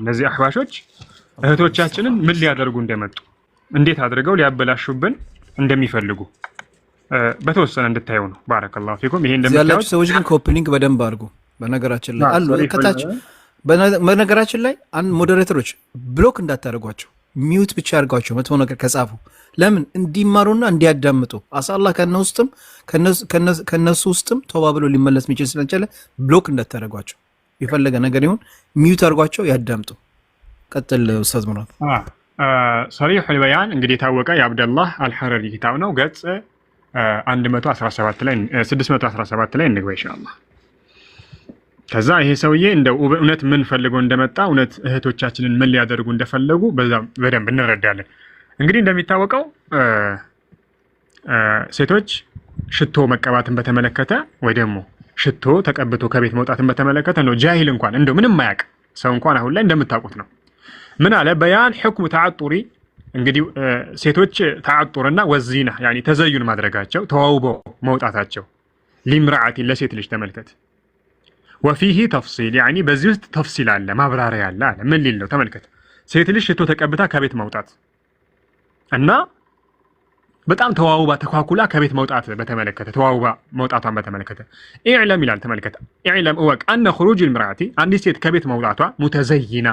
እነዚህ አህባሾች እህቶቻችንን ምን ሊያደርጉ እንደመጡ እንዴት አድርገው ሊያበላሹብን እንደሚፈልጉ በተወሰነ እንድታየው ነው። ባረከላሁ ፊኩም። ይሄ እንደምታዩት ሰዎች ግን ኮፒሊንግ በደንብ አድርጉ። በነገራችን ላይ አሉ ከታች በነገራችን ላይ አንድ ሞዴሬተሮች ብሎክ እንዳታደርጓቸው፣ ሚውት ብቻ አድርጓቸው። መጥፎ ነገር ከጻፉ ለምን እንዲማሩና እንዲያዳምጡ አሳላ ከነ ውስጥም ከነሱ ውስጥም ተባብሎ ሊመለስ የሚችል ስለቻለ ብሎክ እንዳታደርጓቸው። የፈለገ ነገር ይሁን ሚዩት አድርጓቸው ያዳምጡ። ቀጥል ኡስታዝ ሙራት። ሰሪሑ ልበያን እንግዲህ የታወቀ የአብደላህ አልሐረሪ ኪታብ ነው። ገጽ 617 ላይ እንግባ ኢንሻአላህ። ከዛ ይሄ ሰውዬ እንደ እውነት ምን ፈልጎ እንደመጣ እውነት እህቶቻችንን ምን ሊያደርጉ እንደፈለጉ በዛም በደንብ እንረዳለን። እንግዲህ እንደሚታወቀው ሴቶች ሽቶ መቀባትን በተመለከተ ወይ ደግሞ ሽቶ ተቀብቶ ከቤት መውጣትን በተመለከተ ነው። ጃሂል እንኳን እንደው ምንም ማያውቅ ሰው እንኳን አሁን ላይ እንደምታውቁት ነው። ምን አለ በያን ሕክሙ ተዓጡሪ እንግዲህ ሴቶች ተዓጡርና ወዚና ያኒ ተዘዩን ማድረጋቸው ተዋውበው መውጣታቸው ሊምራአቲን ለሴት ልጅ ተመልከት። ወፊሂ ተፍሲል ያኒ በዚህ ውስጥ ተፍሲል አለ ማብራሪያ አለ አለ ምን ሊል ነው ተመልከት። ሴት ልጅ ሽቶ ተቀብታ ከቤት መውጣት እና በጣም ተዋውባ ተኳኩላ ከቤት መውጣት በተመለከተ ተዋውባ መውጣቷን በተመለከተ ኢዕለም ይላል። ተመልከተ ኢዕለም እወቅ አነ ኹሩጅ ልምርአቲ አንዲት ሴት ከቤት መውጣቷ ሙተዘይና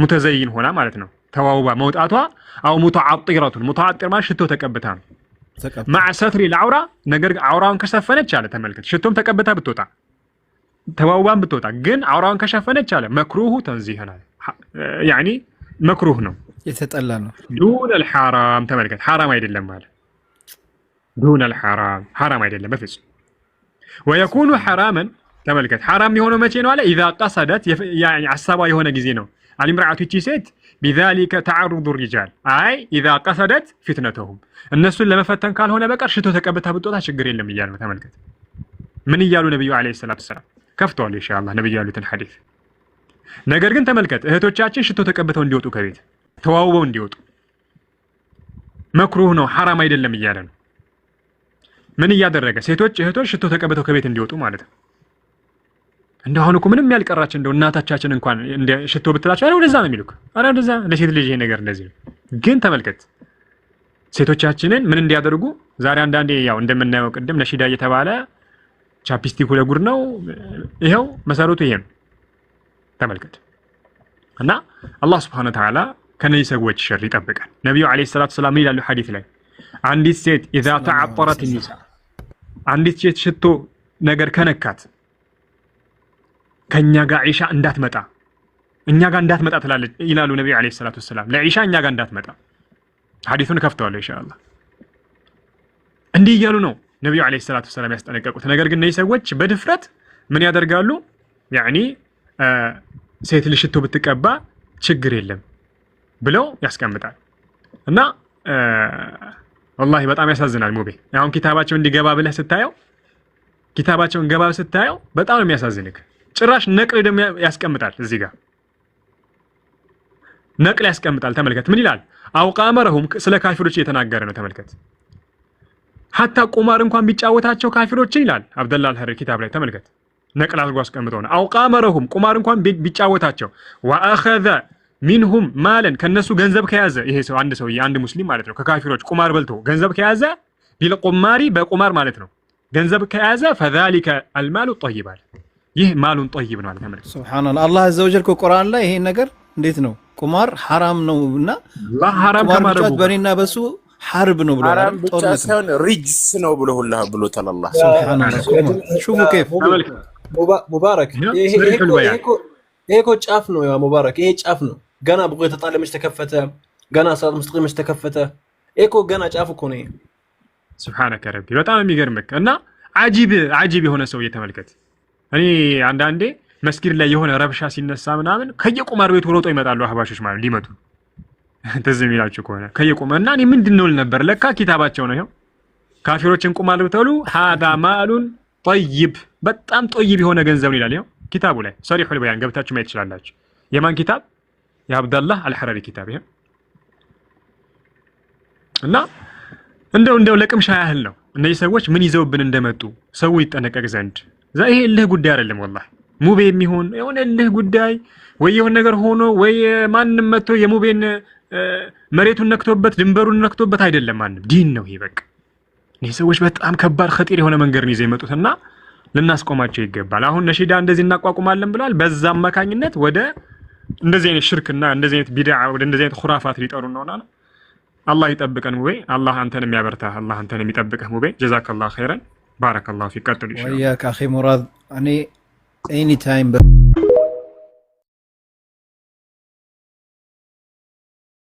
ሙተዘይን ሆና ማለት ነው ተዋውባ መውጣቷ አው ሙተዓጢረቱን ሙተዓጢር ማለት ሽቶ ተቀብታ ነው። ማዕ ሰትሪ ለዐውራ ነገር ዐውራውን ከሸፈነች አለ ተመልከተ ሽቶም ተቀብታ ብትወጣ ተዋውባን ብትወጣ ግን ዐውራውን ከሸፈነች አለ መክሩሁ ተንዚህን ያኒ መክሩህ ነው የተጠላ ነው። ዱነል ሐራም ተመልከት፣ ሐራም አይደለም ማለት ዱነል ሐራም ሐራም አይደለም በፍጹም ወየኩኑ ሐራመን ተመልከት፣ ሐራም የሆነው መቼ ነው አለ ኢዛ ቀሰደት አሳባ የሆነ ጊዜ ነው። አልምርዓቱ እቺ ሴት ቢዛሊከ ተዓሩዱ ሪጃል አይ ኢዛ ቀሰደት ፊትነተሁም እነሱን ለመፈተን ካልሆነ በቀር ሽቶ ተቀብታ ብጦታ ችግር የለም እያለ ነው። ተመልከት ምን እያሉ ነቢዩ ዓለይሂ ሰላቱ ሰላም ከፍተዋል። ኢንሻአላህ ነቢዩ ያሉትን ሐዲስ ነገር ግን ተመልከት እህቶቻችን ሽቶ ተቀብተው እንዲወጡ ከቤት ተዋውበው እንዲወጡ መክሩህ ነው ሐራም አይደለም እያለ ነው። ምን እያደረገ ሴቶች እህቶች ሽቶ ተቀብተው ከቤት እንዲወጡ ማለት ነው። እንደሁን እኮ ምንም ያልቀራቸው እንደው እናታቻችን እንኳን እንደ ሽቶ ብትላቸው አረ ወደዛ ነው የሚሉክ። አረ ወደዛ ለሴት ልጅ ይሄ ነገር እንደዚህ ነው። ግን ተመልከት ሴቶቻችንን ምን እንዲያደርጉ ዛሬ አንዳንዴ ያው እንደምናየው ቅድም ለሺዳ እየተባለ ቻፒስቲኩ ለጉድ ነው። ይኸው መሰረቱ ይሄ ነው። ተመልከት እና አላህ ስብሐነ ወተዓላ ከነዚህ ሰዎች ሸር ይጠብቀን። ነቢዩ ዓለይሂ ሰላቱ ሰላም ይላሉ ሐዲስ ላይ አንዲት ሴት ኢዛ ተዓጠረት ኒሳ፣ አንዲት ሴት ሽቶ ነገር ከነካት ከእኛ ጋር ዒሻ እንዳትመጣ እኛ ጋር እንዳትመጣ ትላለች ይላሉ ነቢዩ ዓለይሂ ሰላቱ ሰላም። ለዒሻ እኛ ጋር እንዳትመጣ ሐዲሱን ከፍተዋለሁ ኢንሻአላህ። እንዲህ እያሉ ነው ነቢዩ ዓለይሂ ሰላቱ ሰላም ያስጠነቀቁት። ነገር ግን እነዚህ ሰዎች በድፍረት ምን ያደርጋሉ? ያኒ ሴት ልጅ ሽቶ ብትቀባ ችግር የለም ብለው ያስቀምጣል እና ወላሂ በጣም ያሳዝናል። ሙቤ አሁን ኪታባቸው እንዲገባ ብለህ ስታየው ኪታባቸውን ገባ ስታየው በጣም ነው የሚያሳዝንክ። ጭራሽ ነቅል ደግሞ ያስቀምጣል። እዚህ ጋር ነቅል ያስቀምጣል። ተመልከት ምን ይላል? አውቃመረሁም ስለ ካፊሮች እየተናገረ ነው። ተመልከት ሀታ ቁማር እንኳን ቢጫወታቸው ካፊሮችን ይላል አብደላ አልሐሪር ኪታብ ላይ ተመልከት። ነቅል አድርጎ አስቀምጠው ነው አውቃመረሁም ቁማር እንኳን ቢጫወታቸው ወአኸዘ ሚንሁም ማለን ከነሱ ገንዘብ ከያዘ ይሄ ሰው አንድ ሰውዬ አንድ ሙስሊም ማለት ነው። ከካፊሮች ቁማር በልቶ ገንዘብ ከያዘ ቢልቁማሪ በቁማር ማለት ነው ገንዘብ ከያዘ ፈዛሊከ አልማሉ ጠይባል ይህ ማሉን ጠይብ ነው። አልተመለ ሱብሃንአላህ አላህ አዘወጀል ቁርአን ላይ ይሄ ነገር እንዴት ነው ቁማር ሐራም ነው እና ሐራም ከማድረጉ በኔና በሱ ሐርብ ነው ብሎ ጦርነት ሪጅስ ነው ብሎ ሁላ ብሎ ተላላ ሙባረክ ይሄ እኮ ጫፍ ነው ሙባረክ ይሄ ጫፍ ነው ገና ብቆ የተጣለ መች ተከፈተ? ገና ስርዓት ምስጢር መች ተከፈተ? ኤኮ ገና ጫፍ እኮ ነው። ስብሓነከ ረቢ በጣም የሚገርምክ እና አጂብ አጂብ የሆነ ሰው እየተመልከት እኔ አንዳንዴ መስጊድ ላይ የሆነ ረብሻ ሲነሳ ምናምን ከየቁማር ቤቱ ሮጦ ይመጣሉ አህባሾች ማለት ሊመቱ ትዝ የሚላቸው ከሆነ ከየቁማ እና እኔ ምንድን ነው ልነበር ለካ ኪታባቸው ነው ይኸው ካፊሮችን ቁማር ብትሉ ሀዛ ማሉን ጠይብ በጣም ጠይብ የሆነ ገንዘብ ይላል ይኸው ኪታቡ ላይ ሰሪሑ ልበያን ገብታችሁ ማየት ትችላላችሁ የማን ኪታብ የአብዳላህ አልሐረሪ ኪታብ ይሄ እና እንደው እንደው ለቅምሻ ያህል ነው። እነዚህ ሰዎች ምን ይዘውብን እንደመጡ ሰው ይጠነቀቅ ዘንድ ይሄ እልህ ጉዳይ አይደለም። ወላሂ ሙቤ የሚሆን የሆነ እልህ ጉዳይ ወይ የሆነ ነገር ሆኖ ወይ ማንም መጥቶ የሙቤን መሬቱን ነክቶበት ድንበሩን ነክቶበት አይደለም። ማንም ዲን ነው ይሄ በቃ። እነዚህ ሰዎች በጣም ከባድ ከጢር የሆነ መንገድን ይዘው የመጡት እና ልናስቆማቸው ይገባል። አሁን ነሺዳ እንደዚህ እናቋቁማለን ብለዋል። በዛ አማካኝነት ወደ እንደዚህ አይነት ሽርክና እንደዚህ አይነት ቢድዓ ወደ እንደዚህ አይነት ኹራፋት ሊጠሩ ነውና አላህ ይጠብቀን ሙቤ። አላህ አንተን የሚያበርታህ፣ አላህ አንተን የሚጠብቅህ ሙቤ። ጀዛከላህ ኸይረን ባረከላሁ ፊክ። ቀጥሉ ኢንሻአላህ ወያክ አኺ ሙራድ እኔ ኤኒ ታይም